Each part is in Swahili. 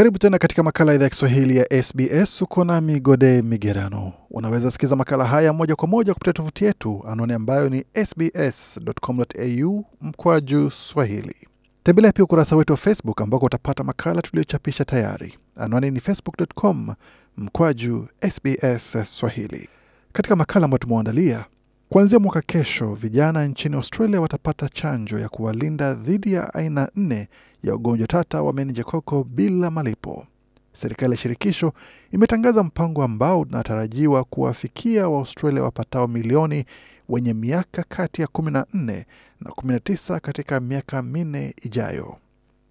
Karibu tena katika makala idhaa ya Kiswahili ya SBS. Uko nami Gode Migerano. Unaweza sikiza makala haya moja kwa moja kupitia tovuti yetu, anwani ambayo ni sbs.com.au mkwa juu swahili. Tembelea pia ukurasa wetu wa Facebook ambako utapata makala tuliochapisha tayari. Anwani ni facebook.com mkwaju sbs swahili. Katika makala ambayo tumeuandalia Kuanzia mwaka kesho, vijana nchini Australia watapata chanjo ya kuwalinda dhidi ya aina nne ya ugonjwa tata wa meningokoko bila malipo. Serikali ya shirikisho imetangaza mpango ambao unatarajiwa kuwafikia Waaustralia wapatao milioni wenye miaka kati ya 14 na 19 katika miaka minne ijayo.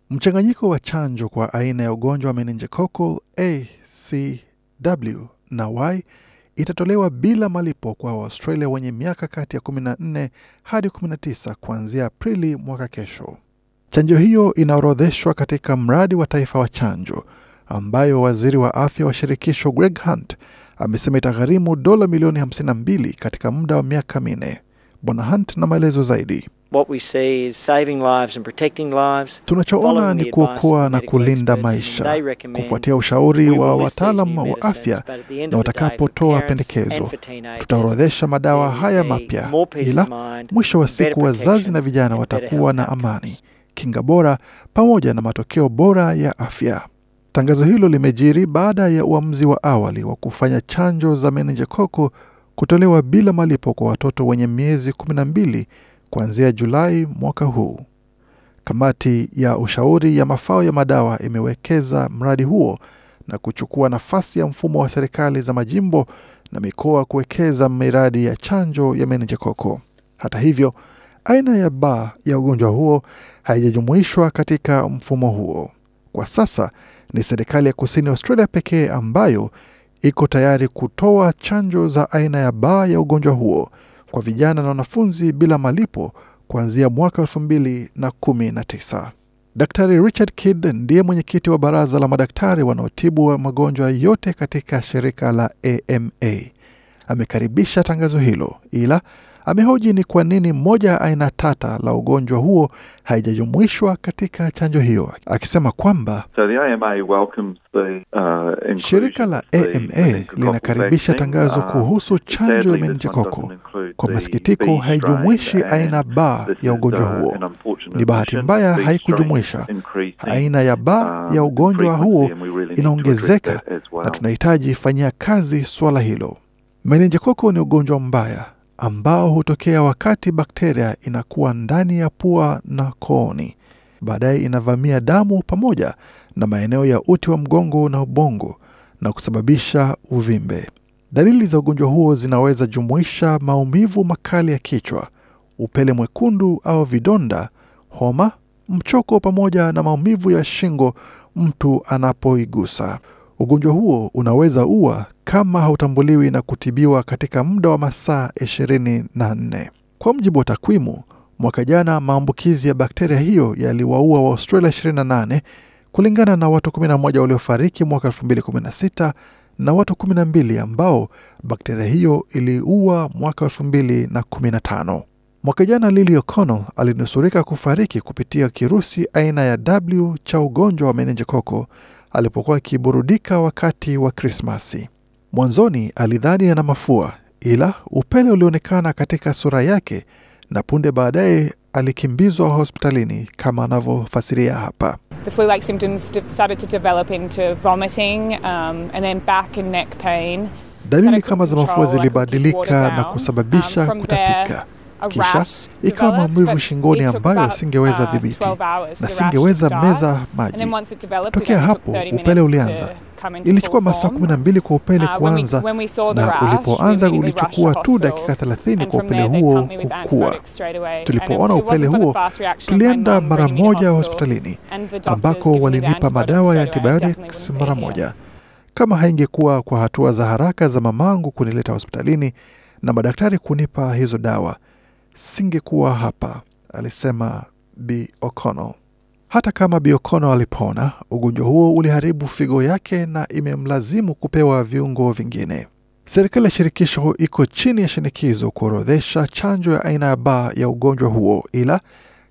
Mchanganyiko wa chanjo kwa aina ya ugonjwa wa meningokoko ACW na Y itatolewa bila malipo kwa waustralia wenye miaka kati ya 14 hadi 19 kuanzia Aprili mwaka kesho. Chanjo hiyo inaorodheshwa katika mradi wa taifa wa chanjo ambayo waziri wa afya wa shirikisho Greg Hunt amesema itagharimu dola milioni 52 katika muda wa miaka minne. Bwana Hunt na maelezo zaidi. Tunachoona ni kuokoa na kulinda maisha kufuatia ushauri wa wataalam wa afya, na watakapotoa pendekezo, tutaorodhesha madawa haya mapya, ila mwisho wa siku wazazi na vijana watakuwa na amani, kinga bora, pamoja na matokeo bora ya afya. Tangazo hilo limejiri baada ya uamuzi wa awali wa kufanya chanjo za menenjekoko kutolewa bila malipo kwa watoto wenye miezi kumi na mbili kuanzia Julai mwaka huu. Kamati ya ushauri ya mafao ya madawa imewekeza mradi huo na kuchukua nafasi ya mfumo wa serikali za majimbo na mikoa kuwekeza miradi ya chanjo ya menejekoko. Hata hivyo, aina ya ba ya ugonjwa huo haijajumuishwa katika mfumo huo. Kwa sasa ni serikali ya kusini Australia pekee ambayo iko tayari kutoa chanjo za aina ya ba ya ugonjwa huo kwa vijana na wanafunzi bila malipo kuanzia mwaka 2019. Daktari Richard Kidd ndiye mwenyekiti wa baraza la madaktari wanaotibu wa magonjwa yote katika shirika la AMA. Amekaribisha tangazo hilo, ila amehoji ni kwa nini moja ya aina tata la ugonjwa huo haijajumuishwa katika chanjo hiyo, akisema kwamba so the AMA the, uh, shirika la AMA linakaribisha tangazo uh, kuhusu chanjo ya meningokoko. Kwa masikitiko, haijumuishi aina ba ya ugonjwa uh, huo. Ni bahati mbaya, haikujumuisha aina ya ba uh, ya ugonjwa huo, inaongezeka na tunahitaji fanyia kazi suala hilo. Meningokoko ni ugonjwa mbaya ambao hutokea wakati bakteria inakuwa ndani ya pua na kooni. Baadaye inavamia damu pamoja na maeneo ya uti wa mgongo na ubongo na kusababisha uvimbe. Dalili za ugonjwa huo zinaweza jumuisha maumivu makali ya kichwa, upele mwekundu au vidonda, homa, mchoko pamoja na maumivu ya shingo mtu anapoigusa. Ugonjwa huo unaweza ua kama hautambuliwi na kutibiwa katika muda wa masaa 24. Kwa mjibu wa takwimu, mwaka jana maambukizi ya bakteria hiyo yaliwaua Waaustralia 28 kulingana na watu 11 waliofariki mwaka 2016 na watu 12 ambao bakteria hiyo iliua mwaka 2015. Mwaka jana Lili O'Connell alinusurika kufariki kupitia kirusi aina ya W cha ugonjwa wa koko alipokuwa akiburudika wakati wa Krismasi. Mwanzoni alidhani ana mafua, ila upele ulionekana katika sura yake, na punde baadaye alikimbizwa hospitalini kama anavyofasiria hapa. The flu-like symptoms started to develop into vomiting, um, and then back and neck pain. Dalili kama za mafua zilibadilika na kusababisha um, kutapika there, kisha ikawa maumivu shingoni ambayo singeweza dhibiti uh, na singeweza meza maji. Tokea hapo upele ulianza. Ilichukua masaa kumi na mbili kwa upele uh, kuanza, na ulipoanza ulichukua tu dakika thelathini kwa upele huo kukua. Tulipoona upele huo, tulienda mara moja hospitalini ambako walinipa madawa ya antibiotics mara moja. Kama haingekuwa kwa hatua za haraka za mamangu kunileta hospitalini na madaktari kunipa hizo dawa singekuwa hapa, alisema Bi Okono. Hata kama Bi Okono alipona, ugonjwa huo uliharibu figo yake na imemlazimu kupewa viungo vingine. Serikali ya shirikisho iko chini ya shinikizo kuorodhesha chanjo ya aina ya ba ya ugonjwa huo, ila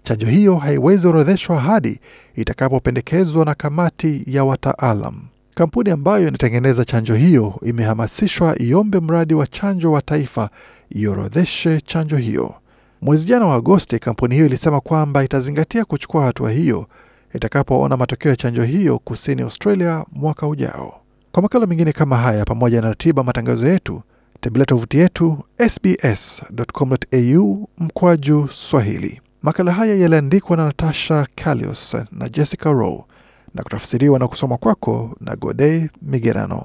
chanjo hiyo haiwezi orodheshwa hadi itakapopendekezwa na kamati ya wataalam. Kampuni ambayo inatengeneza chanjo hiyo imehamasishwa iombe mradi wa chanjo wa taifa iorodheshe chanjo hiyo. Mwezi jana wa Agosti, kampuni hiyo ilisema kwamba itazingatia kuchukua hatua hiyo itakapoona matokeo ya chanjo hiyo kusini Australia mwaka ujao. Kwa makala mengine kama haya, pamoja na ratiba matangazo yetu, tembelea tovuti yetu sbs.com.au mkwaju Swahili. Makala haya yaliandikwa na Natasha Calios na Jessica Rowe na kutafsiriwa na kusoma kwako na Gode Migerano.